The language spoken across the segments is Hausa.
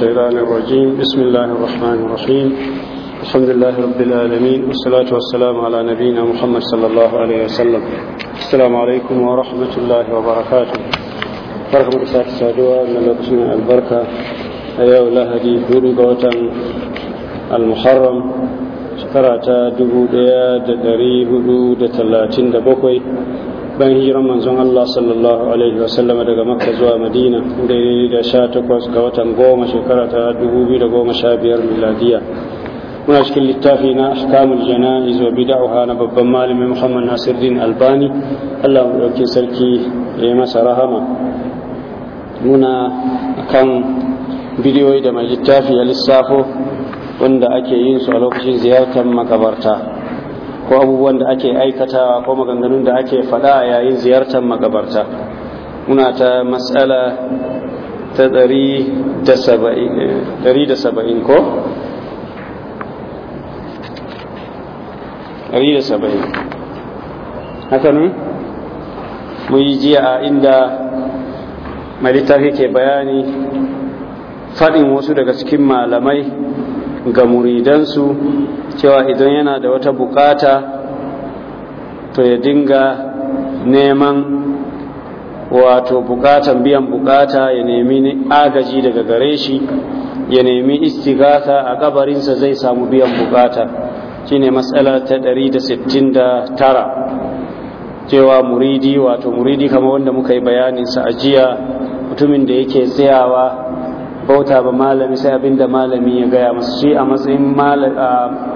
الشيطان الرجيم بسم الله الرحمن الرحيم الحمد لله رب العالمين والصلاة والسلام على نبينا محمد صلى الله عليه وسلم السلام عليكم ورحمة الله وبركاته بركة مساك السادوة من لبسنا البركة أيها الله دي قوة المحرم shekara ta 1437 bayan hijiran manzon Allah sallallahu alaihi wasallam daga makka zuwa madina daidai da sha takwas ga watan goma shekara ta dubu biyu da goma sha biyar miladiya muna cikin littafi na ahkamul jana'iz wa bid'a na babban malamin Muhammad Nasiruddin Albani Allah mu dauke sarki ya yi masa rahama muna kan bidiyoyi da mai littafi ya lissafo wanda ake yin su a lokacin ziyartar makabarta ko abubuwan da ake aikatawa ko maganganun da ake faɗa yayin ziyartar magabarta muna ta matsala ta da saba'in, ko? saba'in haka ne? mun yi jiya a inda mai littafi ke bayani faɗin wasu daga cikin malamai ga muridansu cewa idan yana da wata bukata to ya dinga neman wato bukatan biyan bukata ya nemi agaji daga gare shi ya nemi istigata a kabarinsa zai samu biyan bukata shine matsala ta 169 cewa muridi wato muridi kama wanda muka yi bayaninsa a jiya mutumin da yake tsayawa bauta ba malami sai abinda malami ya gaya masu shi a matsayin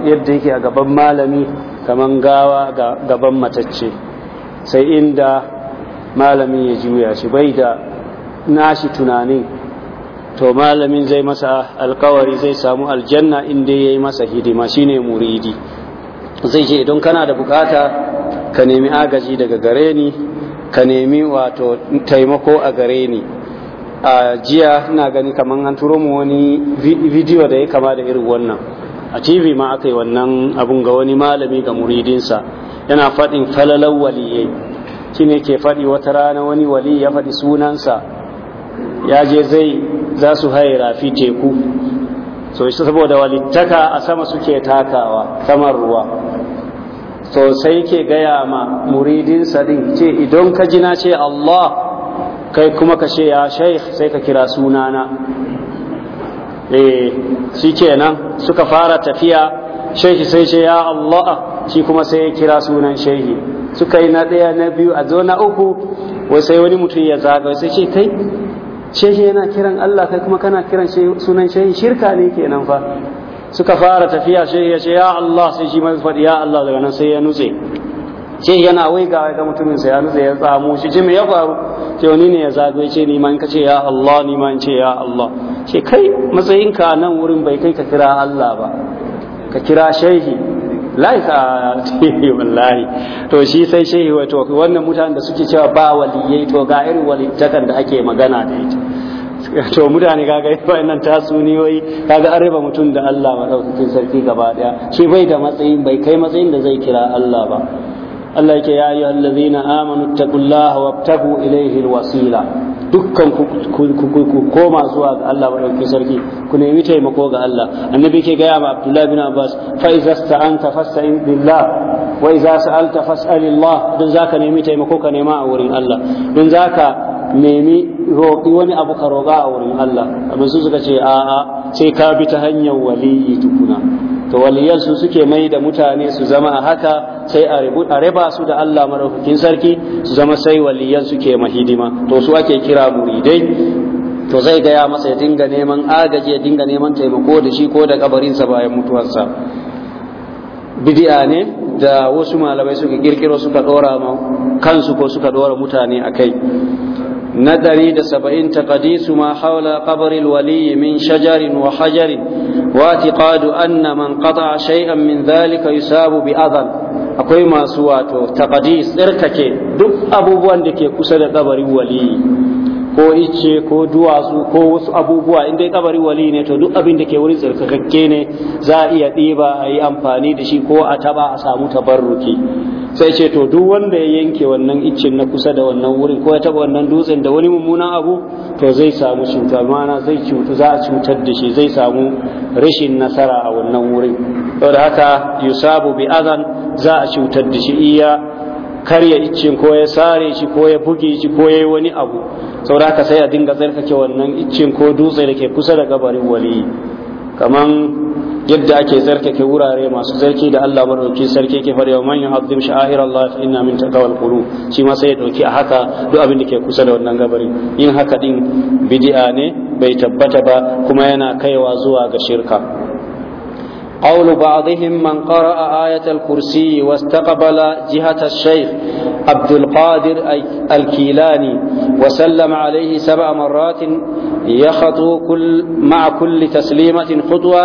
yadda yake a gaban malami kamar gawa ga gaban matacce sai inda malami ya juya shi bai da nashi tunanin to malamin zai masa alkawari zai samu aljanna inda ya yi masa hidima shine muridi zai ce idan kana da bukata ka nemi agaji daga gare ni ka nemi wato taimako a gare ni a jiya ina gani kamar an turo mu wani bidiyo da ya kama da irin wannan a tv ma aka yi wannan abun ga wani malami ga muridinsa yana faɗin falalar waliyai shine ke faɗi wata rana wani wali ya faɗi sunansa ya je zai za su haye rafi teku so shi saboda walittaka a sama suke takawa saman ruwa sosai ke gaya ma muridinsa ɗin, ce idan ka ji na ce Allah kai kuma ka ce ya sheikh sai ka kira sunana eh nan suka fara tafiya sheikh sai ce ya Allah shi kuma sai ya kira sunan sheikh suka yi na ɗaya na biyu a zo na uku wai sai wani mutum ya zaga sai ce kai sheikh yana kiran Allah kai kuma kana kiran sunan sheikh shirka ne kenan fa suka fara tafiya sheikh ya ce ya Allah sai shi mai faɗi ya Allah daga nan sai ya nutse ce yana wai ga mutumin sa ya nutsa ya tsamo shi ce me ya faru ce wani ne ya zagaye ce ni man kace ya Allah ni man ce ya Allah ce kai matsayinka nan wurin bai kai ka kira Allah ba ka kira shehi laika wallahi to shi sai shehi wato wannan mutanen da suke cewa ba waliyai to ga irin walittakan da ake magana da ita to mutane kaga wayannan tasuniyoyi kaga an raba mutum da Allah madaukakin sarki gaba daya shi bai da matsayin bai kai matsayin da zai kira Allah ba Allah yake ya ayyuhal na amanu taqullaha wabtagu ilayhi alwasila dukkan ku koma zuwa ga Allah madaukakin sarki ku nemi taimako ga Allah annabi ke gaya ma Abdullahi bin Abbas fa iza sta'anta fasta'in billah wa iza sa'alta fas'alillah don zaka nemi taimako ka nema a wurin Allah don zaka nemi roƙi wani abu ka roƙa a wurin Allah abin su suka ce a'a sai ka bi ta hanyar waliyi tukuna to waliyan su suke mai da mutane su zama a haka sai a raba su da Allah maraukakin sarki su zama sai waliyan suke mahidima to su ake kira muridai to zai gaya masa ya dinga neman agaji ya dinga neman taimako da shi ko da kabarinsa bayan mutuwarsa bidi'a ne da wasu malamai suka kirkiro suka dora kansu ko suka dora mutane a kai na ɗari da saba'in taqadisu ma haula qabri min shajarin wa hajarin wa i'tiqadu anna man qata'a shay'an min dhalika yusabu bi adhan akwai masu wato taqadis tsirkake duk abubuwan da ke kusa da kabarin wali ko ice ko duwatsu ko wasu abubuwa in dai kabarin wali ne to duk abin da ke wurin tsirkakakke ne za a iya ɗiba a yi amfani da shi ko a taba a samu tabarruki sai ce to duk wanda ya yanke wannan icin na kusa da wannan wurin ko ya taba wannan dutsen da wani mummunan abu to zai samu cuta mana zai cutu za a cutar da shi zai samu rashin nasara a wannan wurin saboda haka yusabu bi azan za a cutar da shi iya karya icin ko ya sare shi ko ya buge shi ko ya yi wani abu saboda haka sai a dinga tsarkake wannan icin ko dutse da ke kusa da gabarin wali kaman yadda ake tsarkake wurare masu tsarki da Allah barauki sarki ke farewa man yuhazzim sha'air Allah fa inna min taqwal qulub shi ma sai ya dauki a haka duk abin da ke kusa da wannan gabarin yin haka din bid'a ne bai tabbata ba kuma yana kaiwa zuwa ga shirka قول بعضهم من قرأ آية الكرسي واستقبل جهة الشيخ عبد القادر الكيلاني وسلم عليه سبع مرات يخطو كل مع كل تسليمة خطوة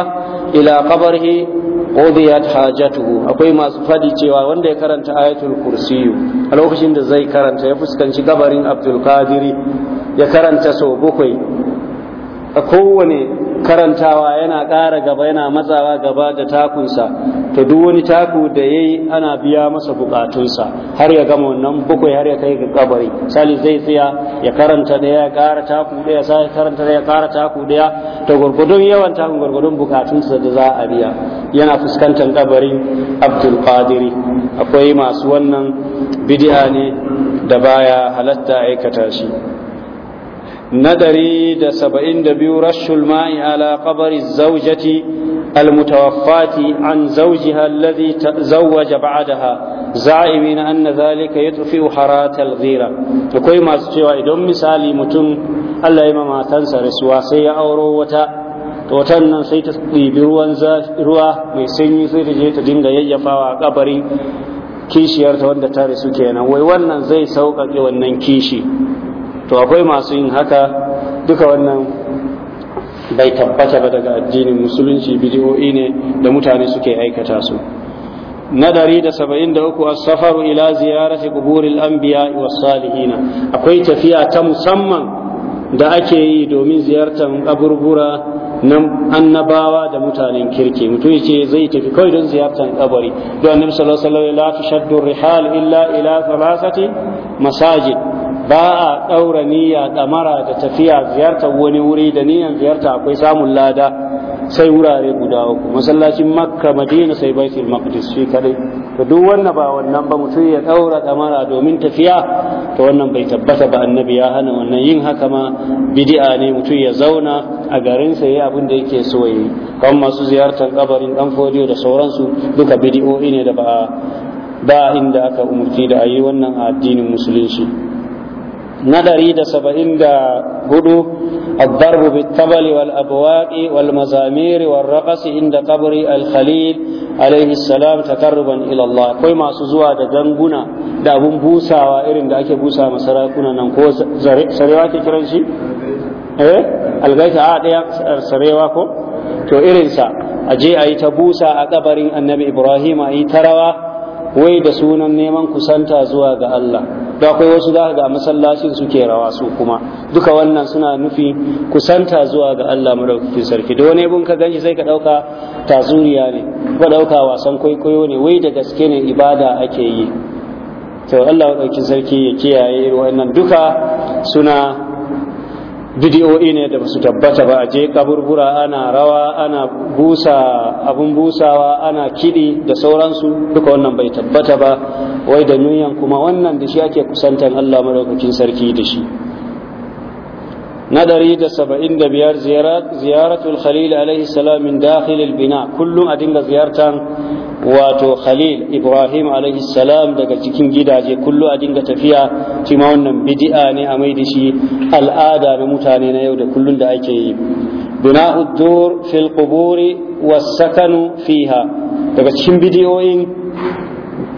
إلى قبره قضيت حاجته akwai masu fadi cewa wanda ya karanta ayatul kursi a lokacin da zai karanta ya fuskanci gabarin abdul qadiri ya karanta sau bakwai kowane karantawa yana ƙara gaba yana matsawa gaba da takunsa to duk wani taku da ya yi ana biya masa bukatunsa har ya gama wannan bakwai har ya kai ga kabari sali zai tsaya ya karanta da ya ƙara taku ɗaya sai karanta da ya ƙara taku ɗaya to gurgudun yawan takun gurgudun bukatunsa da za a biya yana fuskantar kabarin abdul qadiri akwai masu wannan bid'a ne da baya halatta aikata shi na ɗari da saba'in da biyu rashul ma'i ala ƙabari zaujati almutawaffati an zauji hallazi ta zauwa jaba'a da ha za'imi na anna zalika ya tufi haratal zira akwai masu cewa idan misali mutum allah ya matansa rasuwa sai ya auro wata hoton nan sai ta ɗibi ruwa mai sanyi sai ta je ta dinga yayyafawa a ƙabari kishiyarta wanda ta rasu kenan wai wannan zai sauƙaƙe wannan kishi to akwai masu yin haka duka wannan bai tabbata ba daga addinin musulunci bidiyo'i ne da mutane suke aikata su na dari da saba'in da uku safaru ila ziyarati kuburin anbiya wa salihina akwai tafiya ta musamman da ake yi domin ziyartar kaburbura na annabawa da mutanen kirki mutum ce zai tafi kawai don ziyartar kabari don annabi sallallahu alaihi wasallam la tushaddu rihal illa ila thalathati masajid ba a ɗaura niyya ɗamara da tafiya ziyartar wani wuri da niyan ziyarta akwai samun lada sai wurare guda uku masallacin makka madina sai baitul maqdis shi kadai to duk wannan ba wannan ba mutum ya ɗaura ɗamara domin tafiya to wannan bai tabbata ba annabi ya hana wannan yin haka ma bid'a ne mutum ya zauna a garin sa yayi abin da yake so yayi kan masu ziyartar kabarin dan fodiyo da sauransu duka bid'o'i ne da ba ba inda aka umurci da ayi wannan addinin musulunci نظري دا سبعين دا هدو الضرب بالطبل والأبواق والمزامير والرقص عند قبر الخليل عليه السلام تقربا إلى الله كوي ما سزوا دا دنبنا دا أبن بوسا وإرن دا أكي بوسا مسراكونا ننكو سريواتي كرنشي eh algaita a ɗaya sarewa ko to irinsa a je a yi ta busa a kabarin annabi ibrahim a yi tarawa wai da sunan neman kusanta zuwa ga Allah da akwai wasu za ga masallacin suke rawa su kuma duka wannan suna nufi kusanta zuwa ga Allah madaukakin sarki da wani ibun ka ganshi sai ka dauka tazuriya ne ka dauka wasan kwaikwayo ne wai da gaske ne ibada ake yi to Allah madaukakin sarki ya kiyaye irin wannan duka suna bidiyoyi ne da basu tabbata ba a je kaburbura ana rawa ana busa abun busawa ana kiɗi da sauransu duka wannan bai tabbata ba wai da nuyan kuma wannan da shi ake kusantan Allah madaukakin sarki da shi ندري دا سبعين دا بيار زيارات زيارة الخليل عليه السلام من داخل البناء كل أدنى زيارة واتو خليل إبراهيم عليه السلام دا جكين جدا جي كل أدنى تفيا تماونا بدئاني أميدشي الآدى نمتانين يودا كل دا أيكي بناء الدور في القبور والسكن فيها دا جكين بدئوين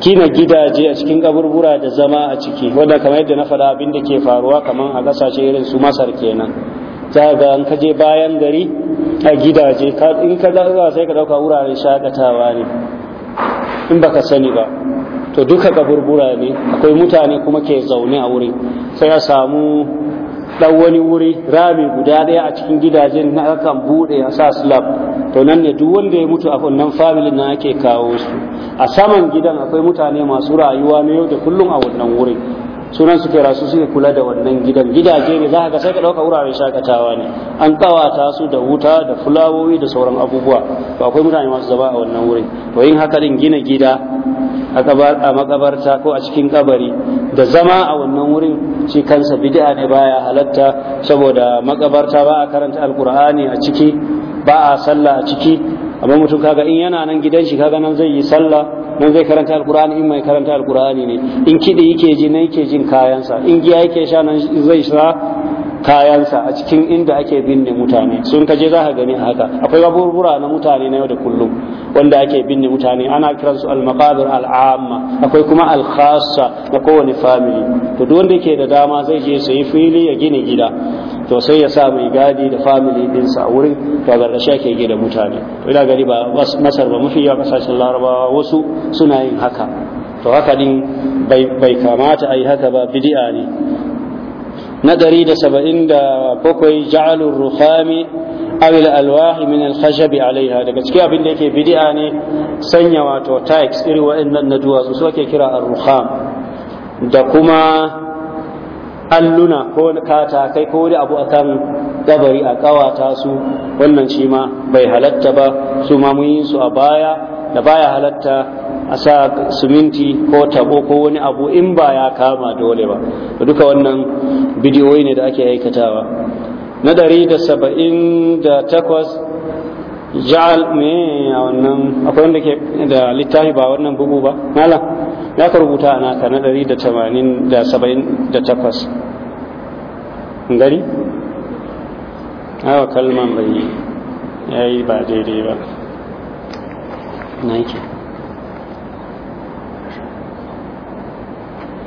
gina gidaje a cikin kaburbura da zama a ciki wanda kamar yadda na faɗa abin da ke faruwa kamar a ƙasashe irin su masar kenan za ga an kaje bayan gari a gidaje in ka za sai ka ɗauka wuraren shakatawa ne in baka sani ba to duka kaburbura ne akwai mutane kuma ke zaune a wurin sai a samu dan wani wuri rami guda daya a cikin gidajen na akan bude a sa slab to nan ne duk wanda ya mutu a wannan family na ake kawo su a saman gidan akwai mutane masu rayuwa na yau da kullum a wannan wurin sunan su kera su suke kula da wannan gidan gidaje ne za ka sai ka ɗauka wuraren shakatawa ne an ƙawata su da wuta da fulawowi da sauran abubuwa to akwai mutane masu zaba a wannan wurin to yin haka din gina gida a makabarta ko a cikin kabari da zama a wannan wurin shi kansa bid'a ne baya halatta saboda makabarta ba a karanta alkur'ani a ciki ba a sallah a ciki amma mutum kaga in yana nan gidan shi kaga nan zai yi sallah nan zai karanta alkur'ani in mai karanta alkur'ani ne in kidi yake ji nan yake jin kayansa in giya yake sha nan zai sha kayansa a cikin inda ake binne mutane sun kaje za ka gani haka akwai gaburbura na mutane na yau da kullum wanda ake binne mutane ana kiran su al-maqabir al-amma akwai kuma al-khassa na kowane family to duk wanda yake da dama zai je yi fili ya gina gida to sai ya sa mai gadi da family din a wurin to ga rashe ke gida mutane to ina gani ba masar ba mafi yawa kasashen larabawa wasu suna yin haka to haka din bai kamata a yi haka ba bidi'a ne na da ja'alur ruhami aw al alwahi min al khashab alaiha daga cikin abin da yake bid'a ne sanya wato tax irin wa'annan na duwatsu su ake kira ar ruham da kuma alluna ko katakai ko wani abu akan kabari a kawata su wannan shi ma bai halatta ba su ma mun yi su a baya da baya halatta a sa suminti ko tabo ko wani abu in ba ya kama dole ba duka wannan bidiyoyi ne da ake aikatawa na dari da saba'in da takwas ja'al me a wannan akwai wanda ke da littafi ba wannan bugu ba malam ya ka rubuta a naka na dari da tamanin da saba'in da takwas gari awa kalman bai ya yi ba daidai ba na yake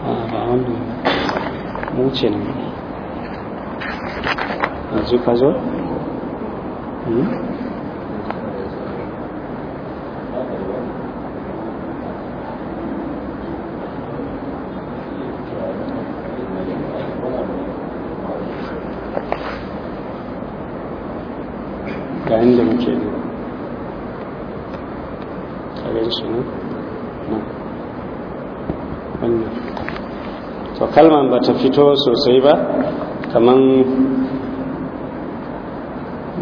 Ah, ba wanda mu ce nan to kalman ba ta fito sosai ba kaman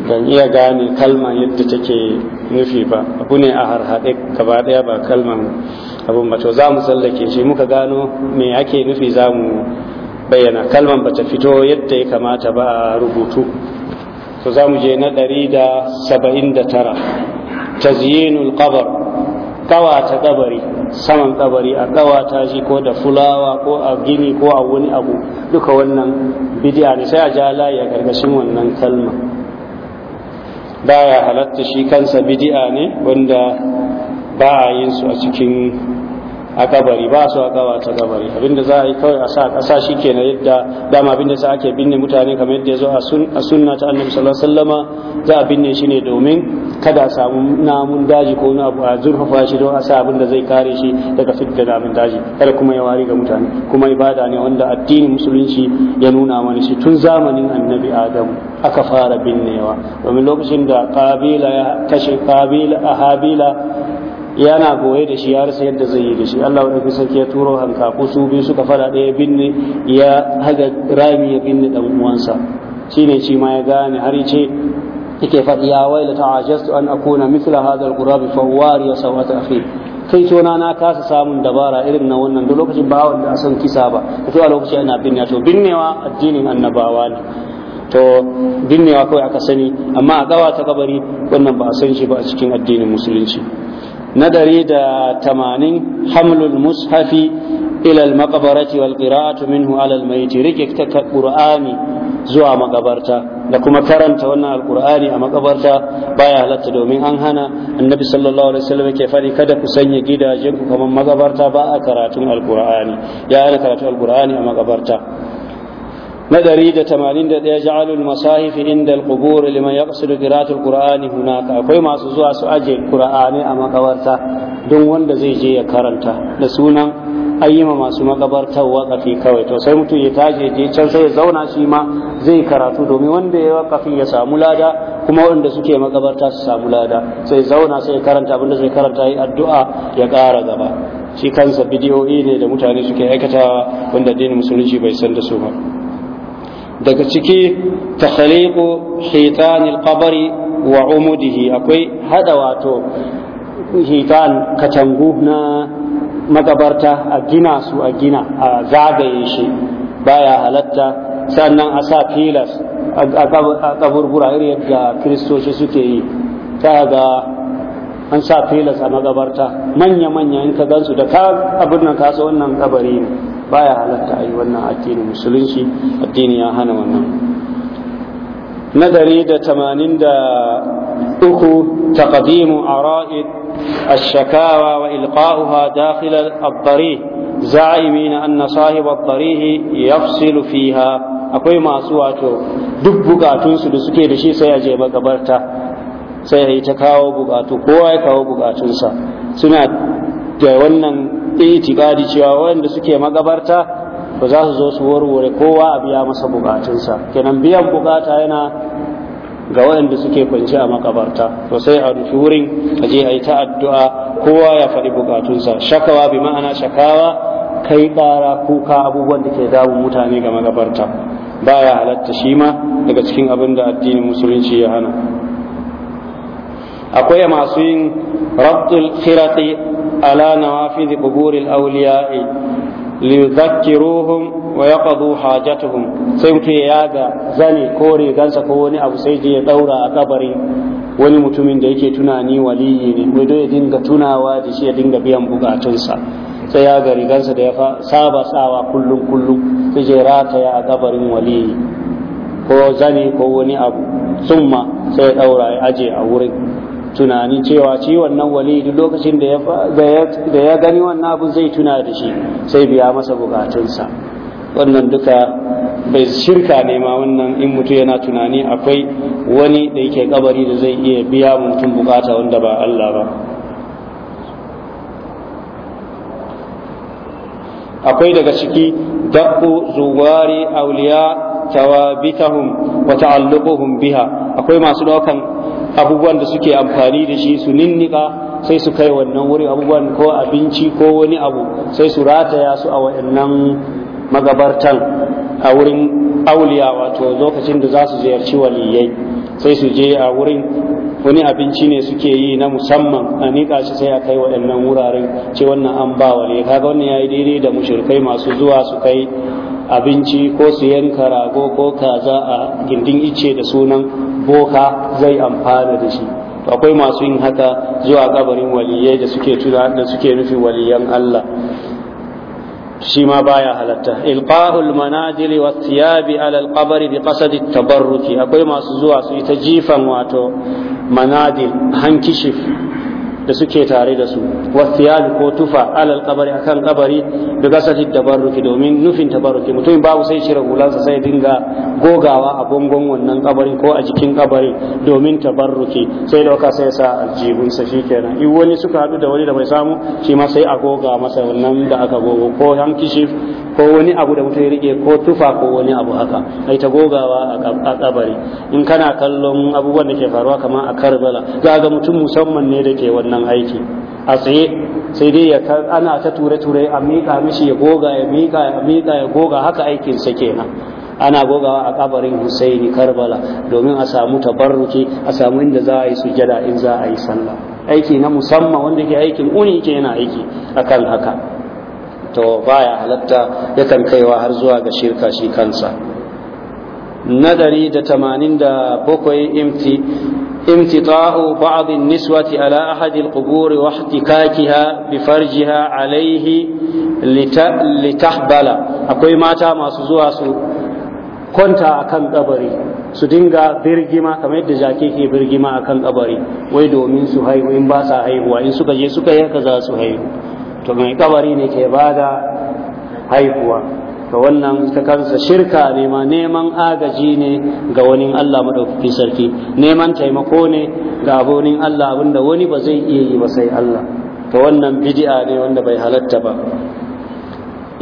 ban iya gane kalma yadda take nufi ba abu ne a harhaɗe gaba ɗaya ba kalman abun ba to za mu tsallake shi muka gano me ake nufi za mu bayyana kalman ba ta fito yadda ya kamata ba a rubutu to za mu je na ɗari da saba'in da tara tazyinul qabar kawata kabari saman kabari a kawata shi ko da fulawa ko a gini ko a wani abu duka wannan bidiya ne sai a ja layi a gargashin wannan kalma baya halatta shi kansa bidiya ne wanda ba a yin su a cikin a kabari ba su a kawa ta kabari abinda za a yi kawai a sa kasa shi ke na yadda dama abinda sa ake binne mutane kamar yadda ya zo a sunna ta annabi sallallahu alaihi wasallama za a binne shi ne domin kada a samu namun daji ko wani abu a zurfafa shi don a sa abinda zai kare shi daga fitta namun daji kada kuma ya wari ga mutane kuma ibada ne wanda addinin musulunci ya nuna mana shi tun zamanin annabi adamu aka fara binnewa domin lokacin da kabila ya kashe kabila a habila yana goye da shi ya rasa yadda zai yi da shi Allah wani sarki ya turo hankaku su biyu suka fara ɗaya binne ya haga rami ya binne dan uwansa shine shi ma ya gane har ce yake faɗi ya waila ta ajastu an akuna mithla hadha alqurabi fa wari ya sawat akhi kai tona na kasa samun dabara irin na wannan duk lokacin ba wanda a san kisa ba to a lokacin ana binne to binnewa addinin annabawa ne to binnewa kawai aka sani amma a gawa ta kabari wannan ba a san shi ba a cikin addinin musulunci na ɗari da tamanin hamlul mushafi ilal makabarati wal qira'atu minhu alal maiti rike ta qur'ani zuwa makabarta da kuma karanta wannan alqur'ani a makabarta baya halatta domin an hana annabi sallallahu alaihi wasallam yake fari kada ku sanya gidajen ku kamar makabarta ba a karatun alqur'ani ya ana karatun alqur'ani a makabarta na ɗari da tamanin da ɗaya ja'alul masahifi inda al-qubur liman yaqsidu qira'atul qur'ani hunaka akwai masu zuwa su aje qur'ani a makabarta don wanda zai je ya karanta da sunan ayyima masu makabartar wakafi kawai to sai mutum ya taje je can sai ya zauna shi ma zai karatu domin wanda ya waqafi ya samu lada kuma wanda suke makabarta su samu lada sai zauna sai ya karanta abinda zai karanta yi addu'a ya ƙara gaba shi kansa bidiyoyi ne da mutane suke aikatawa wanda addinin musulunci bai san da su ba daga ciki takhliqu hitanil qabri wa umudihi akwai hada wato hitan katangu na magabarta a gina su a gina a zagaye shi baya halatta sannan a sa filas a kaburbura irin yadda kiristoci suke yi ta ga an sa filas a magabarta manya-manya in ka gansu da ka abin nan kasa wannan kabari ne baya halarta a yi wannan addinin musulunci addini ya hana wannan na dari da tamanin da uku taqdimu ara'id الشكاوى وإلقاؤها داخل الضريح زعيمين أن صاحب الضريح يفصل fiha. akwai masu wato duk bukatunsu da suke da shi sai a je sai ya yi ta kawo bukatu kowa ya kawo bukatunsa suna da wannan itiƙadi cewa wanda suke magabarta ba za su zo su warware kowa a biya masa bukatunsa kenan biyan bukata yana ga waɗanda suke kwance a makabarta to sai a rufe wurin a je a yi ta addu'a kowa ya faɗi bukatunsa shakawa bi ma'ana shakawa kai ƙara kuka abubuwan da ke damun mutane ga makabarta baya halatta shi ma daga cikin abinda addinin musulunci ya hana akwai masu yin rabtul khirati ala nawafidh quburil awliya'i liyudhakkiruhum wa yaqdu hajatuhum sai mutum ya yaga zani ko rigansa ko wani abu sai je ya daura a kabari wani mutumin da yake tunani waliyi ne dai ya dinga tunawa da shi ya dinga biyan bukatunsa sai ya ga rigansa da ya saba sawa kullum kullum sai je rataya a kabarin waliyi ko zani ko wani abu summa sai ya daura ya aje a wurin tunani cewa shi wannan wali duk lokacin da ya gani wannan abin zai tuna da shi sai biya masa bukatunsa wannan duka bai shirka ne ma wannan in mutum yana tunani akwai wani da yake kabari da zai iya biya mutum bukata wanda ba Allah ba akwai daga ciki daɓu zuwari auliya tawabitahum wa ta'alluquhum biha akwai masu daukan abubuwan da suke amfani da shi su ninnika sai su kai wannan wuri abubuwan ko abinci ko wani abu sai su rataya su a wa'annan magabartan a wurin auliya wato lokacin da za su ziyarci waliyai sai su je a wurin wani abinci ne suke yi na musamman a nika shi sai a kai waɗannan wuraren ce wannan an ba wali kaga wannan ya yi daidai da mushirkai masu zuwa su kai abinci ko su yanka rago ko kaza a gindin ice da sunan boka zai amfana da shi akwai masu yin haka zuwa kabarin waliyai da suke da suke nufi waliyan Allah shi ma baya halatta ilqahul manazili was thiyabi ala alqabri bi qasdi tabarruki akwai masu zuwa su ita jifan wato manadil hankishif da suke tare da su wasiyal ko tufa alal kabari akan kabari da gasati tabarruki domin nufin tabarruki mutum babu sai cire hulansa sai dinga gogawa a bangon wannan kabarin ko a jikin kabarin domin tabarruki sai dauka sai sa aljibun sa shikenan in wani suka hadu da wani da bai samu shi ma sai a goga masa wannan da aka gogo ko hankishif ko wani abu da mutum ya rike ko tufa ko wani abu haka ai ta gogawa a kabari in kana kallon abubuwan da ke faruwa kamar a Karbala za ga mutum musamman ne da ke wannan wannan aiki a tsaye sai dai ya ana ta ture-ture a miƙa mishi ya goga ya miƙa ya miƙa ya goga haka aikin sa kenan ana gogawa a kabarin Husaini Karbala domin a samu tabarruki a samu inda za a yi sujada in za a yi sallah aiki na musamman wanda ke aikin uni ke yana aiki akan haka to baya halatta yakan kaiwa har zuwa ga shirka shi kansa na da tamanin da imti امتطاء بعض النسوة على أحد القبور واحتكاكها بفرجها عليه لتحبل أكوي ماتا ما سزوها kwanta a kabari su dinga birgima kamar yadda jaki ke birgima akan kan kabari wai domin su haihu in ba haihuwa in suka je suka yi za su haihu to kabari ne ke bada haihuwa to wannan ita kansa shirka ne ma neman agaji ne ga wani Allah maɗaukaki sarki neman taimako ne ga abonin Allah abinda wani ba zai iya yi ba sai Allah to wannan bid'a ne wanda bai halatta ba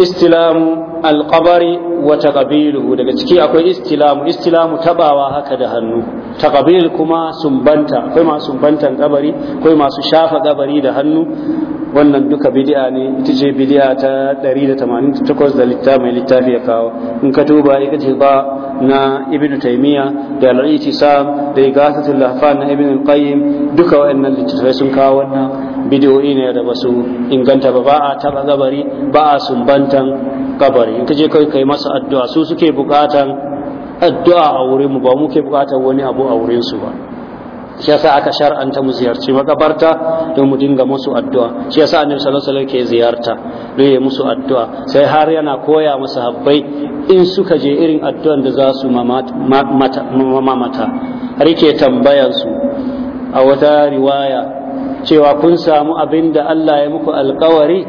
istilamu alƙabari wa taqabiluhu daga ciki akwai istilamu istilamu tabawa haka da hannu taqabil kuma sumbanta akwai masu sumbantan ƙabari akwai masu shafa ƙabari da hannu wannan duka bidi'a ne ita ce bidi'a ta 188 da littafi mai littafi ya kawo in ka tuba ita ce ba na ibnu taymiya da al-i'tisam da igasatul lahfan na ibnu qayyim duka wayannan littattafai sun kawo wannan bidiyoyi ne da basu inganta ba ba a taba gabari ba a sumbantan gabari in kaje kai kai masa addu'a su suke bukatan addu'a a wurin mu ba muke bukatan wani abu a wurin su ba shi yasa aka shar'anta mu ziyarci makabarta don mu dinga musu addu'a shi yasa annabi sallallahu alaihi wasallam ke ziyarta don ya musu addu'a sai har yana koya musu habbai in suka je irin addu'an da za su mamata har yake tambayan su a wata riwaya cewa kun samu abin da Allah ya muku alkawari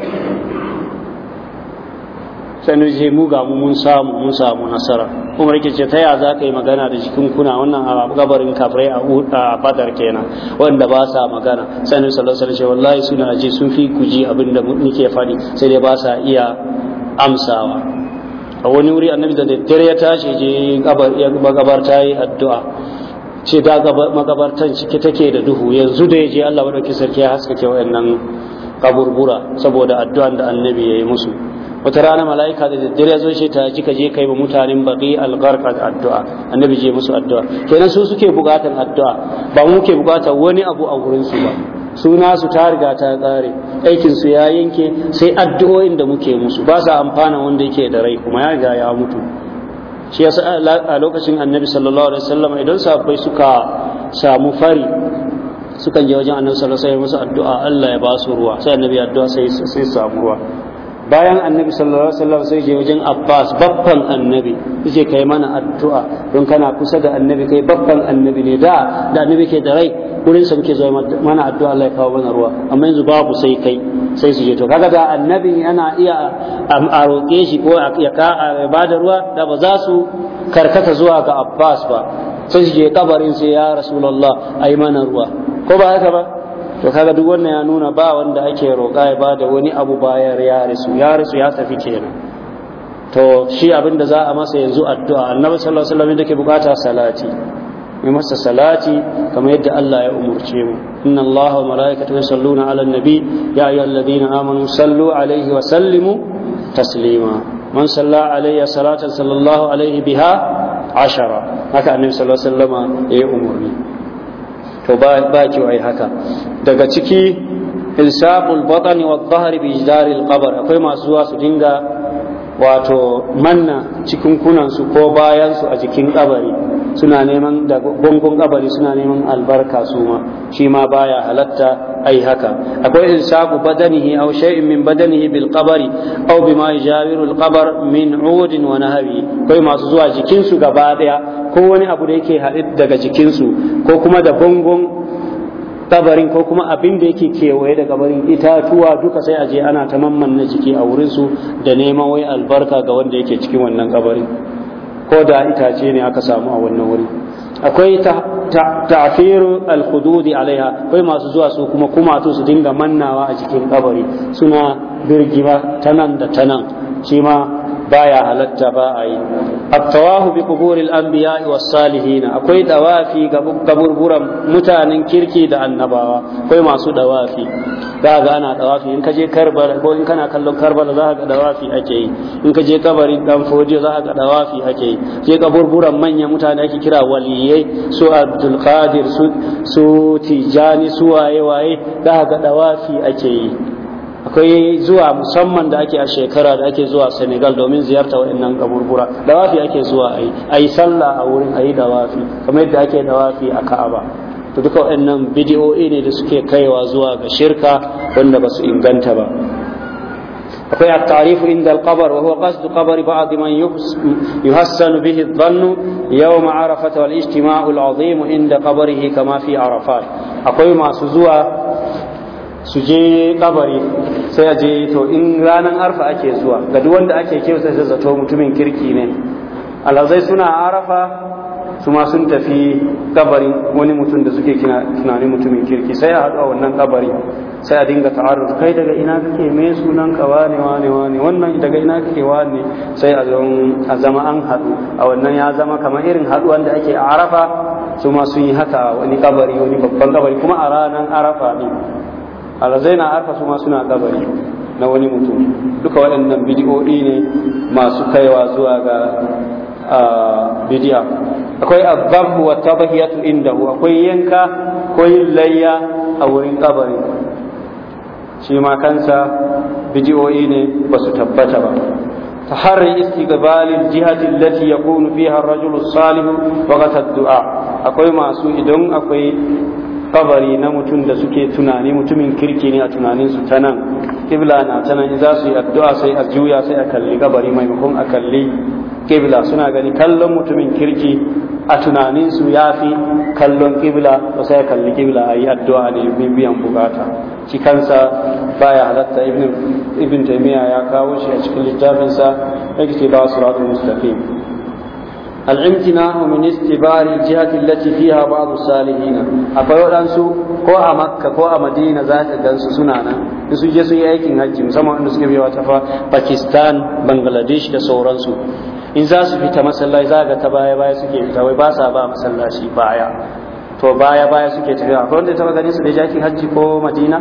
sanu je mu ga mu mun samu mun samu nasara Kuma yake ce ta ya za ka yi magana da jikin kuna wannan a gabarin kafirai a fadar kenan wanda ba sa magana sanu sallallahu alaihi wallahi suna ji sun fi kuji abin da nake faɗi sai dai ba sa iya amsawa a wani wuri annabi da daddare ya tashi je gabar ya gabar tayi yi addu'a ce da magabartan ciki take da duhu yanzu da ya je Allah madauki sarki ya haskake wayannan kaburbura saboda addu'an da annabi ya yi musu wata rana mala'ika da daddare ya zo shi ta ka je kai ba mutanen baki al da addu'a annabi je musu addu'a kenan su suke bukatan addu'a ba mu ke bukatar wani abu a wurinsu ba suna su ta riga ta kare aikin su ya yanke sai addu'o'in da muke musu ba sa amfana wanda yake da rai kuma ya riga ya mutu shi sa a lokacin annabi sallallahu alaihi wasallam idan sahabbai suka samu fari sukan je wajen annabi sallallahu alaihi wasallam musu addu'a Allah ya ba su ruwa sai annabi addu'a sai sai samu ruwa bayan annabi sallallahu alaihi wasallam sai je wajen Abbas babban annabi yace kai mana addu'a don kana kusa da annabi kai babban annabi ne da da annabi ke da rai wurin sa muke zuwa mana addu'a Allah ya kawo mana ruwa amma yanzu babu sai kai sai su je to kaga da annabi yana iya a roƙe shi ko ya ka ba da ruwa da ba za su karkata zuwa ga Abbas ba sai su je kabarin sai ya Rasulullah ayi mana ruwa ko ba haka ba to kaga duk wannan ya nuna ba wanda ake roƙa ya bada wani abu bayar ya rasu ya rasu ya tafi kenan to shi abin za a masa yanzu addu'a annabi sallallahu alaihi wasallam da ke bukata salati yi masa salati kamar yadda Allah ya umurce mu inna Allah wa malaikatahu yusalluna 'alan nabi ya ayyuhalladhina amanu sallu 'alaihi wa sallimu taslima man صلى علي صلاة صلى الله عليه بها عشرة هكا النبي صلى الله ya وسلم يا to ba ba ki wai haka daga ciki ilsaqul batn wal dhahr bi ijdaril qabr akwai masu zuwa su dinga wato manna cikin kunan su ko bayan su a jikin kabari suna neman da gungun kabari suna neman albarka su ma shi ma baya halatta ai haka akwai in insaqu badanihi aw shay'in min badanihi bil qabri aw bima yajawiru al qabr min udin wa nahawi kai masu zuwa jikin su gaba daya ko wani abu da yake haɗe daga jikin su ko kuma da gungun kabarin ko kuma abin da yake kewaye da kabarin itatuwa duka sai a je ana ta mamman na jiki a wurinsu da neman wai albarka ga wanda yake cikin wannan kabarin ko da itace ne aka samu a wannan wuri akwai ta'firu al-hududi alaiha akwai masu zuwa su kuma kumatu su dinga mannawa a cikin kabari suna birgima tanan da tanan shi ma ya halatta ba a yi Abtawahu tawafu bi quburil anbiya'i was salihina. akwai dawafi ga kaburburan mutanen kirki da annabawa akwai masu dawafi za ga ana dawafi in ka je karbala ko in kana kallon karbala za ga dawafi ake yi in ka je kabarin dan foje za ga dawafi ake yi je kaburburan manyan mutane ake kira waliyai su abdul qadir su su tijani su waye waye za ga dawafi ake yi akwai zuwa musamman da ake a shekara da ake zuwa senegal domin ziyarta waɗannan gaburbura dawafi ake zuwa a yi sallah a wurin a yi dawafi kamar yadda ake dawafi a ka'aba to duka wa'annan bidiyo'i ne da suke kaiwa zuwa ga shirka wanda ba su inganta ba akwai a tarifu inda al-qabr wa kabar ba a ba'd yuhassanu bihi Zannu. Yau ma'arafata wal ijtima'ul al inda kabar kama fi arafat akwai masu zuwa su je kabari sai a je to in ranar arfa ake zuwa ga duk wanda ake sai da zato mutumin kirki ne alhazai suna arafa su ma sun tafi kabari wani mutum da suke tunanin mutumin kirki sai a haɗu a wannan kabari sai a dinga ta'arruf kai daga ina kake me sunan ka wane wane wane wannan daga ina kake wane sai a zama an haɗu a wannan ya zama kamar irin haɗuwan da ake a arafa su ma sun yi haka wani kabari wani babban kabari kuma a ranar arafa ne alazai na arfa su ma suna kabari na wani mutum duka waɗannan bidi'o'i ne masu kaiwa zuwa ga bidiya akwai azabu wa tabahiyatu indahu akwai yanka ko yin layya a wurin kabari shi ma kansa bidiyo'i ne ba su tabbata ba تحري استقبال الجهة التي يكون فيها الرجل الصالح وقت الدعاء أقوي akwai masu idan akwai. kabari na mutum da suke tunani mutumin kirki ne a tunaninsu ta nan kibla na ta nan za su yi addu'a sai a juya sai a kalli kabari maimakon a kalli kibla suna gani kallon mutumin kirki a tunaninsu ya fi kallon kibla ba sai a kalli kibla a yi addu'a ne biyan bukata cikansa kansa baya halatta ibn taymiya ya kawo shi a cikin littafinsa yake ce ba su mustaqim الامتناع من استبار الجهة التي فيها بعض الصالحين akwai waɗansu ko a makka ko a madina za ka gansu suna nan in su je su yi aikin hajji musamman wanda suke biyawa ta pakistan bangladesh da sauransu in za su fita masallaci za ga ta baya baya suke fita ba sa ba masallaci baya to baya baya suke wanda ta gani su da hajji ko madina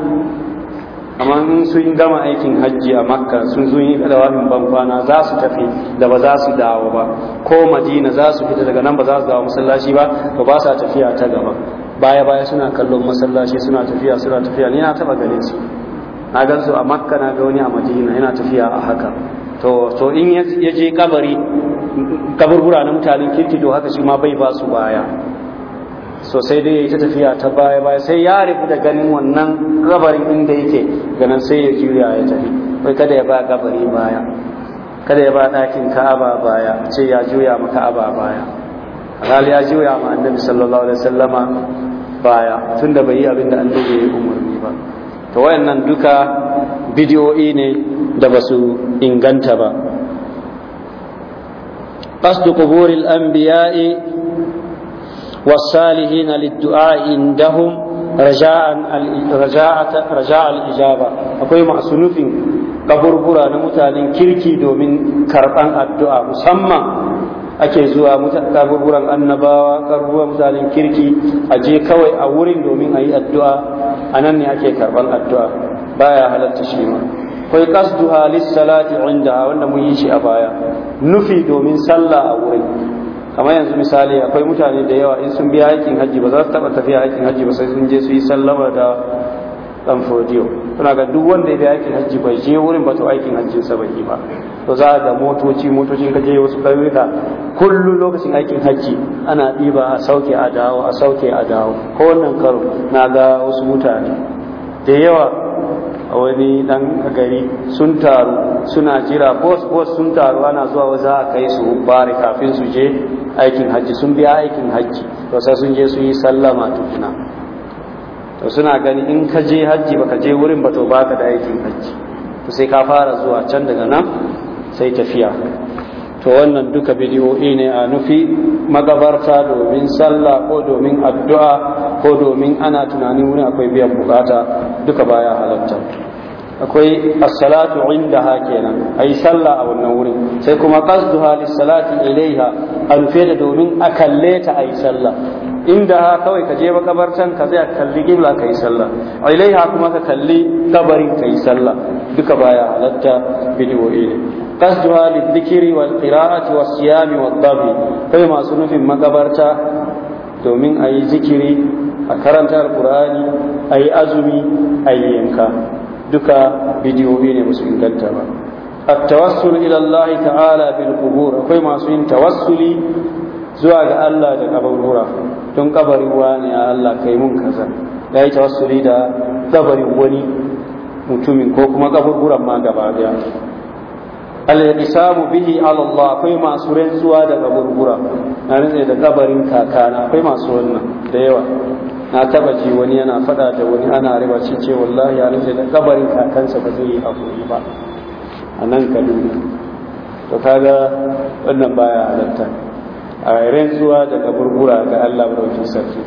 amma sun gama aikin hajji a makka sun zo yi wani bankwana za su tafi da ba za su dawo ba ko madina za su fita daga nan ba za su dawo masallaci ba to ba sa tafiya ta gaba baya baya suna kallon masallaci suna tafiya suna tafiya ni na taba ganin su na gan su a makka na ga wani a madina yana tafiya a haka to to in ya je kabari kaburbura na mutanen kirki to haka shi ma bai ba su baya so sai dai ya ta tafiya ta baya baya sai ya rufu da ganin wannan gabarin inda yake ganin sai ya juya ya tafi wai kada ya ba gabari baya kada ya ba ɗakin ka'aba baya ce ya juya ma ka'aba baya alhali ya juya ma annabi sallallahu alaihi wasallama baya tunda bai yi abin da annabi ya umarni ba to wayannan duka bidiyo'i ne da basu inganta ba قصد قبور الأنبياء والصالحين للدعاء عندهم رجاء رجاء رجاء الإجابة أقول مع سنوف kaburbura na mutanen kirki domin karɓan addu'a musamman ake zuwa kaburburan annabawa kaburburan mutanen kirki a je kawai a wurin domin a yi addu'a a nan ne ake karban addu'a baya halatta shi ma kai kasduha lissalati inda wanda mun yi shi a baya nufi domin sallah a wurin kamar yanzu misali akwai mutane da yawa in sun biya aikin hajji ba za su taba tafiya aikin hajji ba sai sun je su yi sallama da ɗan fodiyo suna ga duk wanda ya biya aikin hajji bai je wurin ba to aikin hajjin sa bai ba to za ga motoci motocin ka je wasu ƙauyuka kullu lokacin aikin hajji ana ɗiba a sauke a dawo a sauke a dawo ko wannan karo na ga wasu mutane da yawa a wani ɗan gari sun taru suna jira bos bos sun taru ana zuwa za a kai su bari kafin su je aikin hajji sun biya aikin hajji to sai sun je su yi sallama tukuna to suna gani in ka je hajji baka je wurin ba to baka da aikin hajji to sai ka fara zuwa can daga nan sai tafiya to wannan duka bidiyo'i ne a nufi magabarta domin sallah ko domin addu'a ko domin ana tunanin wani akwai biyan bukata duka baya halatta akwai as-salatu ha kenan ai sallah a wannan wurin sai kuma qasduha halis salati ilaiha an da domin a kalle ta ai sallah inda ha kawai ka je makabartan ka zai kalli kibla ka yi sallah ilaiha kuma ka kalli kabarin ka sallah duka baya halatta bidiyo'i ne qasduha zikiri wal qira'ati was siyami wad dhabi kai masu nufin makabarta domin ayi zikiri a karantar Kur'ani ayi azumi ayi yanka duka bidiyoyi ne musu inganta ba التوسل إلى الله تعالى بالقبور akwai masu yin tawassuli zuwa ga Allah da kabarura don kabarin wani a Allah kai mun kaza ya yi tawassuli da kabarin wani mutumin ko kuma kaburburan ma gaba daya al-iqsamu bihi ala Allah akwai masu rantsuwa daga gurgura. na rantsa da kabarin kakana akwai masu wannan da yawa na taba ji wani yana fada da wani ana riba ci ce wallahi ya rantsa da kabarin kakansa ba zai yi hakuri ba a nan ka kaduna to kaga wannan baya halatta a rantsuwa daga gurgura ga Allah barkin sarki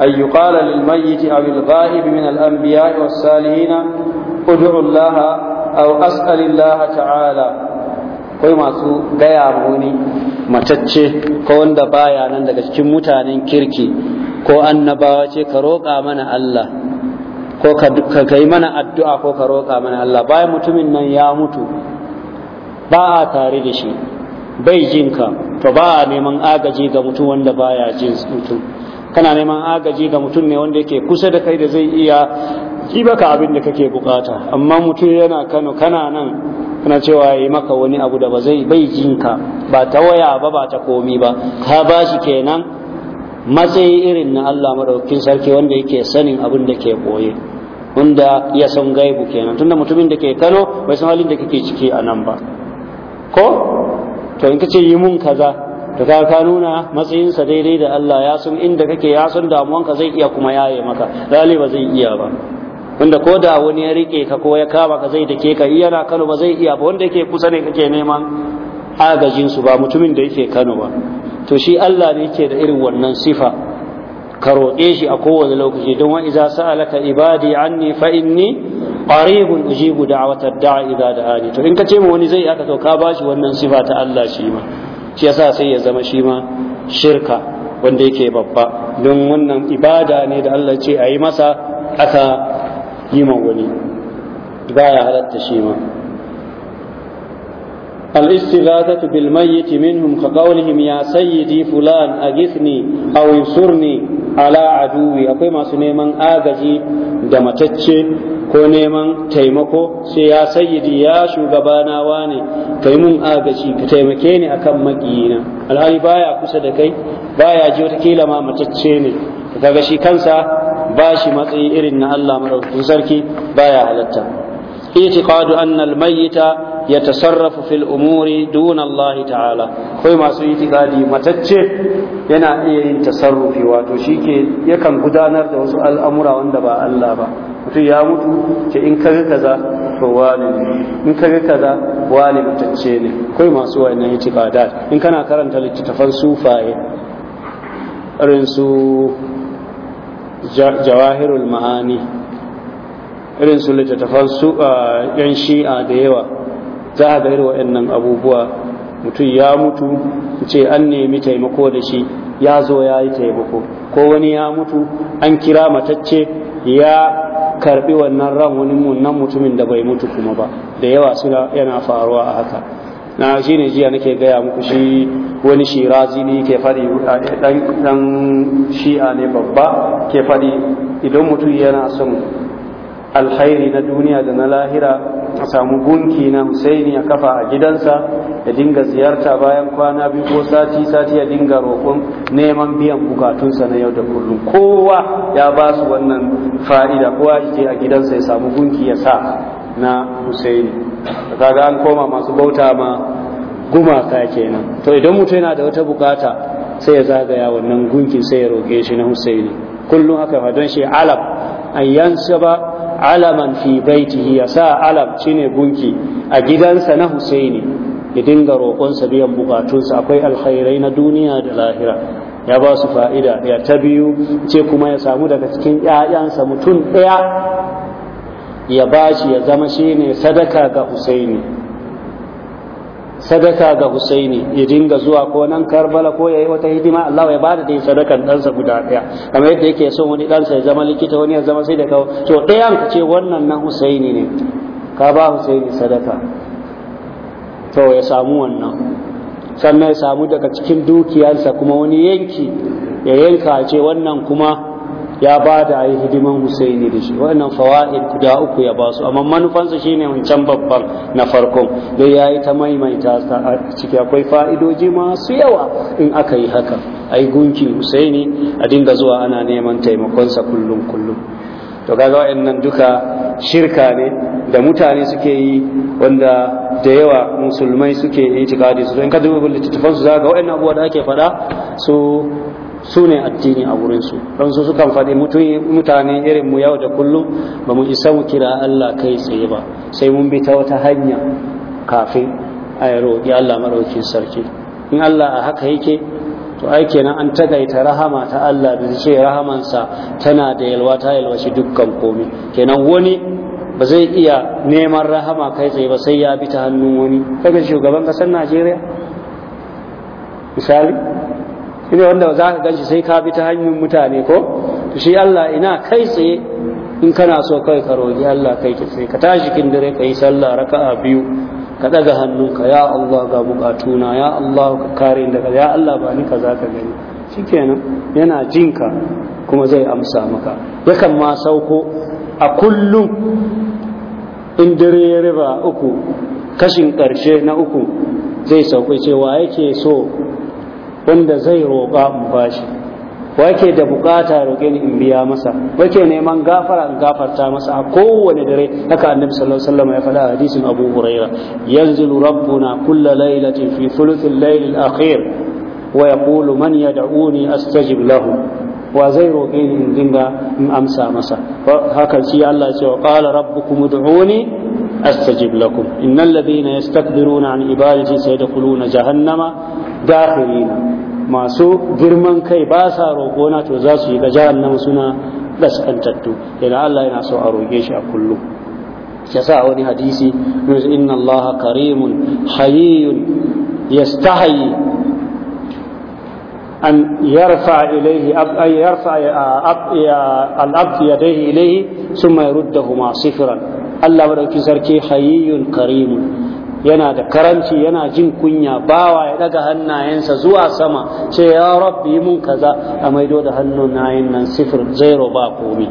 أن يقال للميت أو الغائب من الأنبياء والصالحين ادعوا الله أو أسأل الله تعالى akwai masu gaya wani matacce ko wanda baya nan daga cikin mutanen kirki ko annabawa ce ka roƙa mana Allah ko ka yi mana addu'a ko ka roƙa mana Allah bayan mutumin nan ya mutu ba a tare da shi bai jin ka to ba a neman agaji ga mutum wanda baya jin mutum kana neman agaji ga mutum ne wanda yake kusa da kai da zai iya yi baka abin da kake bukata amma mutum yana Kano kana nan kana cewa ya yi maka wani abu da ba zai bai jinka ba ta waya ba ba ta komi ba ka ba shi kenan matsayi irin na Allah madaukin sarki wanda yake sanin abin da ke koye wanda ya san gaibu kenan tunda mutumin da ke Kano bai san halin da kake ciki a nan ba ko to in kace yi mun kaza to ka ka nuna matsayinsa daidai da Allah ya san inda kake ya san ka zai iya kuma yaye maka lalle ba zai iya ba wanda ko da wani ya rike ka ko ya kama ka zai dake ka yana Kano ba zai iya ba wanda yake kusa ne kake neman agajin su ba mutumin da yake Kano ba to shi Allah ne yake da irin wannan sifa ka roƙe shi a kowane lokaci don wani za sa alaka ibadi anni fa inni qaribun ujibu da'wata da'a idza da'ani to in ka ce wani zai aka to ka bashi wannan sifa ta Allah shi ma shi yasa sai ya zama shi ma shirka wanda yake babba don wannan ibada ne da Allah ce a yi masa aka yi ma wani ya halatta shi ma الاستغاثة ka منهم ya sayyidi fulan فلان أغثني أو Ala, على akwai masu neman agaji da matacce ko neman taimako sai ya sayyidi ya shugabana wane kai mun agaji ka taimake ni akan makiyina alhali baya kusa da kai baya ji wata kila ma matacce ne kaga shi kansa ba shi matsayi irin na Allah madaukakin sarki baya halatta itiqadu anna almayyita yatasarrafu fil umuri duna Allah ta'ala kai masu itiqadi matacce yana iya yin tasarrufi wato shike yakan gudanar da wasu al'amura wanda ba Allah ba mutum ya mutu ce in kaga kaza to wani in kaga kaza wani matacce ne kai masu wannan itiqadat in kana karanta littattafan sufaye irin su jawahirul ma'ani irin su littattafan su yan shi'a da yawa za a ga irin nan abubuwa mutum ya mutu ce an nemi taimako da shi ya zo ya yi taimako ko wani ya mutu an kira matacce ya karbi wannan ran wani nan mutumin da bai mutu kuma ba da yawa suna yana faruwa a haka na shi ne jiya nake gaya muku shi wani shirazi ne ke faɗi ɗan shi'a ne babba ke faɗi idan mutum yana son alhairi na duniya da na lahira a samu gunki na husaini a kafa a gidansa ya dinga ziyarta bayan kwana biyu ko sati sati ya dinga roƙon neman biyan bukatunsa na yau da kullum kowa ya ba su wannan fa'ida kowa ke a gidansa ya samu gunki ya sa na husaini kaga an koma masu bauta ma gumaka kenan to idan mutum yana da wata bukata sai ya zagaya wannan gunki sai ya roke shi na husaini kullum haka fa don shi alam an ba alaman fi baitihi ya sa alam shine gunki a gidansa na husaini ya dinga roƙonsa biyan bukatunsa akwai alkhairai na duniya da lahira ya ba su fa'ida ya ta biyu ce kuma ya samu daga cikin ‘ya'yansa mutum ɗaya ya bashi ya zama shine sadaka ga Husaini sadaka ga Husaini ya dinga zuwa ko nan Karbala ko yayi wata hidima Allah ya bada dai sadakan sa guda ɗaya kamar yadda yake son wani sa ya zama likita wani ya zama sai da kawo to ɗayan ka ce wannan nan Husaini ne ka ba Husaini sadaka to ya samu wannan sannan ya samu daga cikin dukiyarsa kuma wani yanki ya yanka ce wannan kuma ya ba da yi hidiman husaini da shi waɗannan fawaid guda uku ya ba su amma manufansa shine wancan babban na farkon ya yi ta maimaita a ciki akwai fa'idoji masu yawa in aka yi haka yi gunki husaini a dinga zuwa ana neman taimakonsa kullum kullum to kaga wayannan duka shirka ne da mutane suke yi wanda da yawa musulmai suke itikadi su in ka dubi littattafansu za ga wayannan abubuwa da ake faɗa su su ne addini a wurinsu don su sukan faɗi mutane irin mu yau da kullum ba mu isa mu kira Allah kai tsaye ba sai mun bi ta wata hanya kafin a yi roƙi Allah maɗaukin sarki in Allah a haka yake to ai kenan an tagaita rahama ta Allah da ce rahamansa tana da yalwa ta yalwaci dukkan komai kenan wani ba zai iya neman rahama kai tsaye ba sai ya bi ta hannun wani kaga shugaban kasar Najeriya misali ne wanda za ka ganshi sai ka bi ta hanyar mutane ko to shi Allah ina kai tsaye in kana so kai ka roƙi Allah kai ki tsaye ka tashi kin dare ka sallah raka'a biyu ka daga hannunka ya Allah ga bukatuna ya Allah ka kare ni daga ya Allah ba ni kaza ka gani shikenan yana jinka kuma zai amsa maka yakan ma sauko a kullum in dare ya riba uku kashin karshe na uku zai sauko cewa yake so wanda zai roƙa in bashi wake da bukata roƙe ni in biya masa wake neman gafara in gafarta masa a kowane dare haka annabi sallallahu alaihi wasallam ya faɗa hadisin Abu Huraira yanzilu rabbuna kulla lailatin fi thuluthil layl al-akhir wa yaqulu man yad'uni astajib lahu wa zai roƙe ni in dinga in amsa masa haka shi Allah ya ce wa qala rabbukum ud'uni أستجب لكم إن الذين يستكبرون عن عبادتي سيدخلون جهنم داخلين ما سوء جرمان كي باسا روكونا توزاسو يبا جهنم سنا بس أنتتو لأن الله ينعسو أرويش أكله يسعى وني حديثي إن الله كريم حيي يستحي أن يرفع إليه أب أن يرفع الأب يديه إليه ثم يردهما صفرا Allah madauki sarki hayyun karimu yana da karanci yana jin kunya bawa ya daga hannayensa zuwa sama ce ya rabbi mun kaza a maido da nayin nan sifir zero ba komi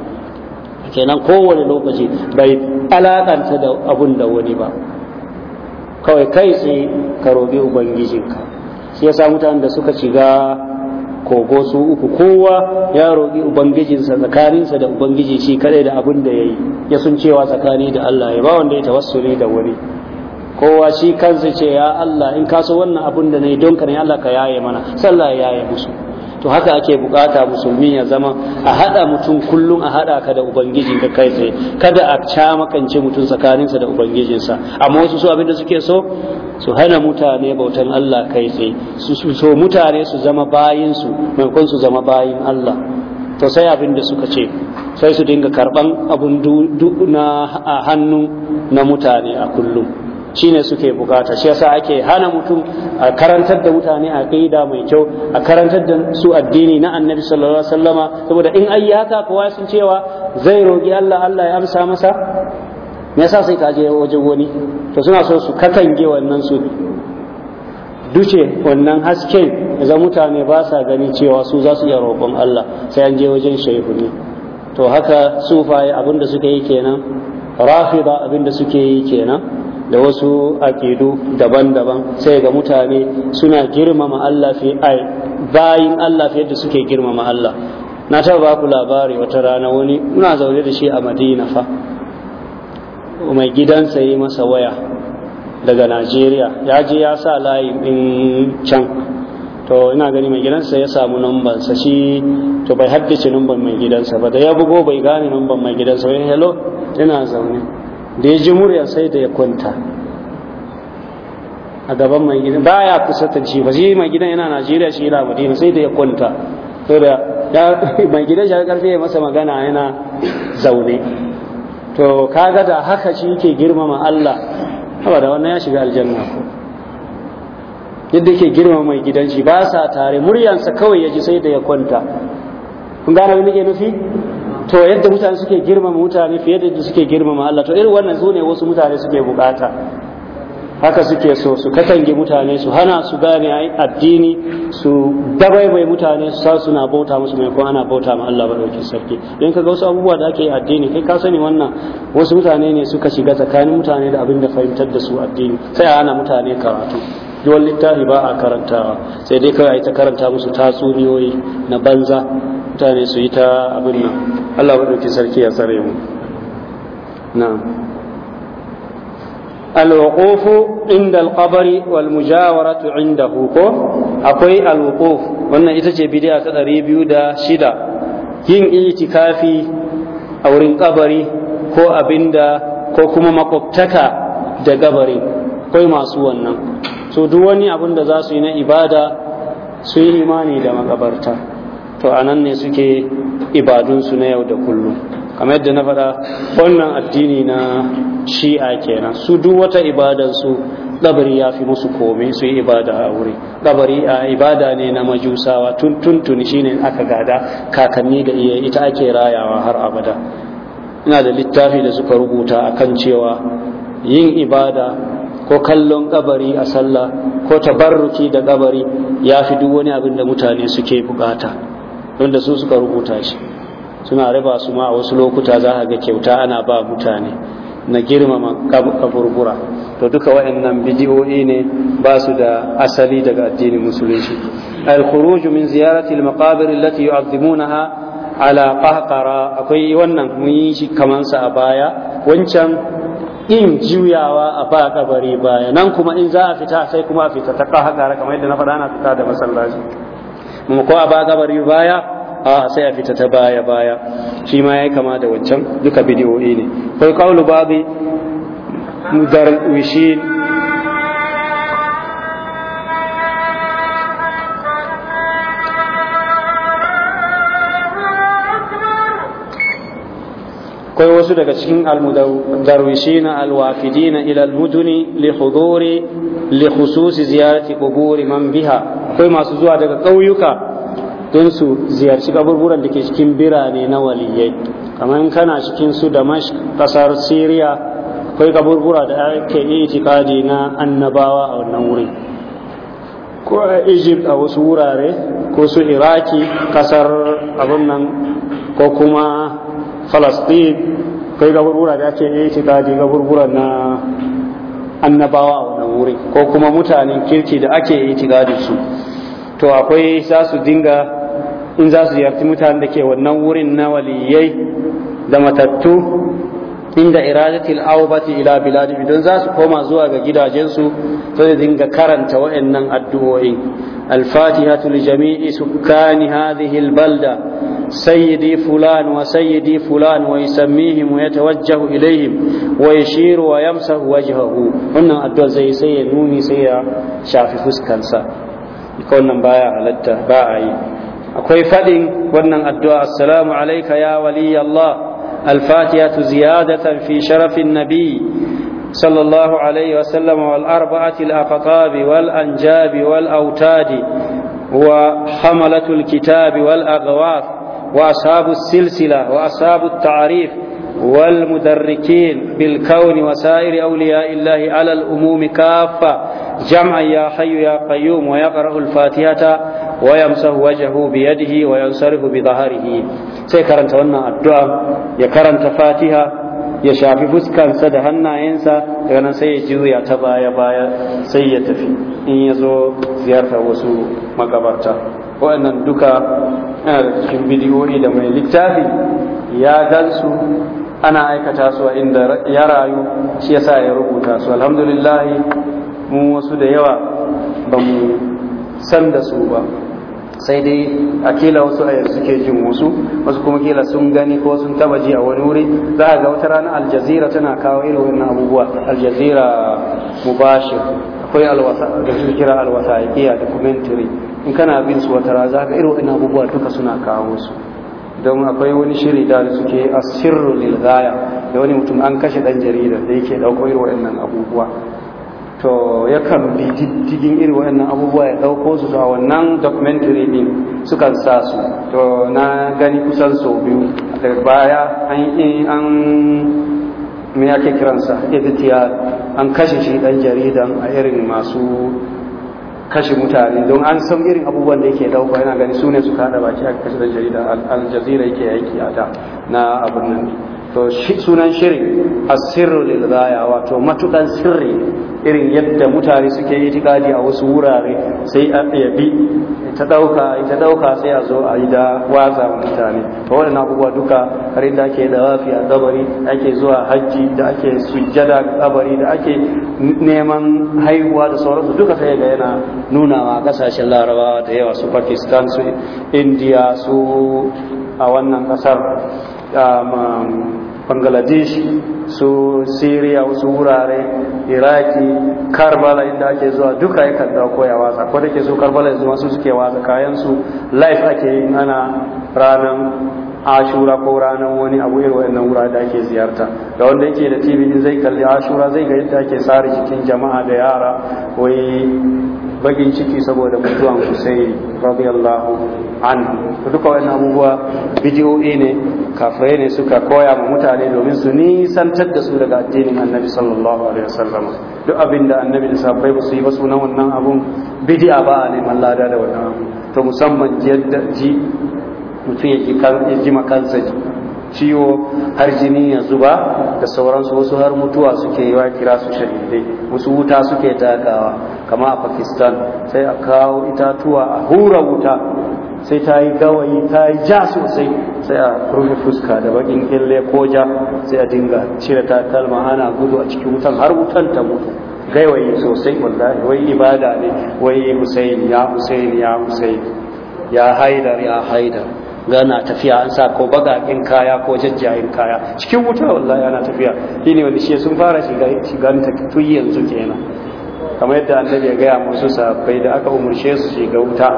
kenan kowane lokaci bai alakanta da abun da wani ba kawai kai sai ka robi ubangijinka shi yasa mutanen da suka shiga kogo su uku kowa ya roƙi ubangijinsa tsakaninsa da ubangiji shi kadai da abin da ya yi ya sun cewa tsakani da Allah ya ba wanda ya tawassuli da wuri kowa shi kansa ce ya Allah in kaso wannan abin da na yi don ka ne Allah ka yaye mana sallah ya yaye musu to haka ake bukata musulmi ya zama a hada mutum kullum a hada ka da ubangiji ka kai tsaye kada a ca makance mutum tsakaninsa da ubangijinsa amma wasu su abinda suke so su hana mutane bautan Allah kai tsaye su so mutane su zama bayin su maimakon su zama bayin Allah to sai abin da suka ce sai su dinga karban abun na hannu na mutane a kullum shine suke bukata shi yasa ake hana mutum a karantar da mutane a aqida mai kyau a karantar da su addini na annabi sallallahu alaihi wasallama saboda in ayi haka kowa sun cewa zai roki Allah Allah ya amsa masa me yasa sai kaje wajen wani to suna so su katange wannan su duce wannan hasken za mutane ba sa gani cewa su za su iya roƙon Allah sai an je wajen shehu ne to haka sufaye abinda suke yi kenan rafida abinda suke yi kenan da wasu aƙidu daban-daban sai ga mutane suna girmama Allah fi ai bayin Allah fi yadda suke girmama Allah na taɓa ba ku labari wata rana wani muna zaune da shi a madina fa mai gidansa yi masa waya daga najeriya ya je ya sa layi ɗin can to ina gani mai gidansa ya samu sa shi to bai haddace numban mai gidansa ba da ya bugo bai gane numban mai gidansa wai hello ina zaune da ya ji murya sai da ya kwanta a gaban mai gidan baya ta ci ba shi mai gidan yana Najeriya shi yana Madina sai da ya kwanta ya mai gidan shi karfe ya masa magana yana zaune to kaga da haka shi ke girmama Allah haba da wannan ya shiga aljanna ko yadda ke girmama mai gidan shi ba sa tare muryansa kawai ya ji sai da ya kwanta kun gane abin da ke nufi to yadda mutane suke girmama mutane fiye da yadda suke girmama Allah to irin wannan zune wasu mutane suke bukata haka suke so su katange mutane su hana su gane addini su dabaibai mutane su sa suna bauta musu mai ko ana bauta ma Allah madaukakin sarki don ga wasu abubuwa da ake addini kai ka sani wannan wasu mutane ne suka shiga tsakanin mutane da abin da fahimtar da su addini sai a hana mutane karatu duwan littafi ba a karantawa sai dai kawai a yi ta karanta musu tatsuniyoyi na banza mutane su yi ta abin nan Allah ɗauki sarki ya tsare mu na alwakofu inda alƙabari wal inda huko akwai alwakofu wannan ita ce bidiya ta ɗari biyu da shida yin itikafi a wurin ƙabari ko abinda ko kuma makwabtaka da gabari kai masu wannan so duk wani abin da za su yi na ibada su yi imani da makabarta to a nan ne suke ibadunsu na yau da kullum kamar yadda na faɗa wannan addini na shi'a kenan su duk wata ibadansu ɗabari ya fi musu kome su yi ibada a wuri ɗabari a ibada ne na majusawa tun tun tuntuni shine aka gada kakanni da iya ita ake rayawa har abada ina da littafi da suka rubuta a kan cewa yin ibada ko kallon ƙabari a sallah ko tabarruki da ƙabari ya fi duk wani abin da mutane suke bukata don da su suka rubuta shi suna raba su ma a wasu lokuta za ga kyauta ana ba mutane na girmama kaburbura to duka waɗannan bidiyoyi ne ba su da asali daga addinin musulunci al-khuruj min ziyarati al-maqabir allati yu'azzimunaha ala qahqara akwai wannan mun yi shi a baya wancan in juyawa a ba kabari baya nan kuma in za a fita sai kuma a fita ta qahqara kamar yadda na faɗa ana fita da masallaci ko a ba gabari baya a sai a fita ta baya baya shi ma ya yi kama da wancan duka bidiyo ne kai kaulu babu wishin akwai wasu daga cikin almudarwishina alwafidina ila almuduni li huduri li khususi ziyarati man biha akwai masu zuwa daga ƙauyuka don su ziyarci kaburburan da ke cikin birane na waliyai kamar kana cikin su da kasar syria akwai kaburbura da ake itikadi na annabawa a wannan wurin ko a egypt a wasu wurare ko su iraki kasar abin nan ko kuma falastin kai gaburbura da ke ya yi tikadi gaburbura na annabawa a wannan wuri ko kuma mutanen kirki da ake yi tikadi su to akwai za su dinga in za su ziyarci mutanen da ke wannan wurin na waliyai da matattu inda iradatil aubati ila biladi don za su koma zuwa ga gidajensu to dinga karanta waɗannan addu'o'i al-fatihatu li jami'i sukkani hadhihi al-balda سيدي فلان وسيدي فلان ويسميهم ويتوجه إليهم ويشير ويمسه وجهه هنا أدوى زي سيد نوني سيد شافي فسكنسا يكون نبايا على التباعي أكوي فدين ونن أدوى السلام عليك يا ولي الله الفاتحة زيادة في شرف النبي صلى الله عليه وسلم والأربعة الأقطاب والأنجاب والأوتاد وحملة الكتاب والأغواث وأصحاب السلسلة وأصحاب التعريف والمدركين بالكون وسائر أولياء الله على الأموم كافة جمعا يا حي يا قيوم ويقرأ الفاتحة ويمسه وجهه بيده وينصرف بظهره سيكرن تونا الدعاء يكرن فاتحة يشافي فسكا سدهنا ينسى لأن سيجيو يتبايا بايا سيتفي إن يزو زيارة وسو مقبرته waɗannan duka yana da cikin bidiyoyi da mai littafi ya gansu ana aikata su a inda ya rayu shi yasa ya rubuta su alhamdulillah mu wasu da yawa ba mu san da su ba sai dai a kila wasu a yanzu ke jin wasu wasu kuma kila sun gani ko sun taba ji a wani wuri za a ga wata rana aljazira tana kawo irin wannan abubuwa aljazira mubashir akwai alwasa da su kira a documentary in kana bin su wata raza ga irin wani abubuwa duka suna kawo su don akwai wani shiri da suke a sirru lilgaya da wani mutum an kashe ɗan jarida da yake ɗauko irin waɗannan abubuwa to ya kan bi diddigin irin waɗannan abubuwa ya ɗauko su a wannan documentary din kan sa su to na gani kusan sau biyu daga baya an me ake kiransa editiyar an kashe shi ɗan jaridan a irin masu kashe mutane don an san irin abubuwan da yake dauka yana gani su ne suka hada baki a kashe da jarida al jazeera yake aiki a ta na abin nan to sunan shirin asirru lil ghaya wato matukan sirri irin yadda mutane suke yi tikadi a wasu wurare sai a yabi ta dauka ita dauka sai a zo a yi da waza mutane to wannan abubuwa duka har inda ake da wafi a kabari ake zuwa hajji da ake sujjada kabari da ake neman haihuwa da sauransu duka sai ga yana nunawa kasashen larabawa da yawa su pakistan su india su a wannan kasar bangladesh su syria wasu wurare iraki karbala inda ake zuwa duka yakan da koya watsa ko da ke su karbala yanzu masu suke watsa kayan su life ake yin ana ranar ashura ko ranar wani abu irin wannan wurare da ake ziyarta da wanda yake da tv zai kalli ashura zai ga yadda ake tsari cikin jama'a da yara wai Bagin ciki saboda mutuwan Husayn radiyallahu anhu to duka wannan abubuwa bidiyo ne kafirai ne suka koya ma mutane domin su nisantar da su daga addinin Annabi sallallahu alaihi wasallam duk abinda Annabi da sahabbai ba su yi ba na wannan abun bidi'a ba a neman lada da wannan to musamman ji mutum ya ji makansa ciwo har jini ya zuba da sauransu wasu har mutuwa suke yi wa kira su shahidai wasu wuta suke takawa kama a pakistan sai a kawo itatuwa a hura wuta sai ta yi gawayi ta yi ja sosai sai a rufe fuska da bakin kille ko ja sai a dinga cire takalma ana gudu a cikin wutan har wutan ta mutu gaiwayi sosai wallahi wai ibada ne wai husaini ya husaini ya husaini ya haidar ya haidar gana tafiya an sa ko bagaƙin kaya ko jajjayen kaya cikin wuta wallahi ana tafiya shi ne wanda shi sun fara shiga shiga tun yanzu kenan kamar yadda annabi ya gaya musu sahabbai da aka umarce su shiga wuta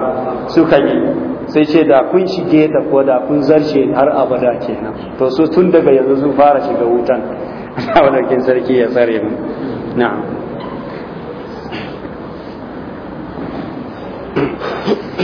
kan yi sai ce da kun shige da ko da kun zarce har abada kenan to su tun daga yanzu sun fara shiga wutan Allah sarki ya tsare mu na'am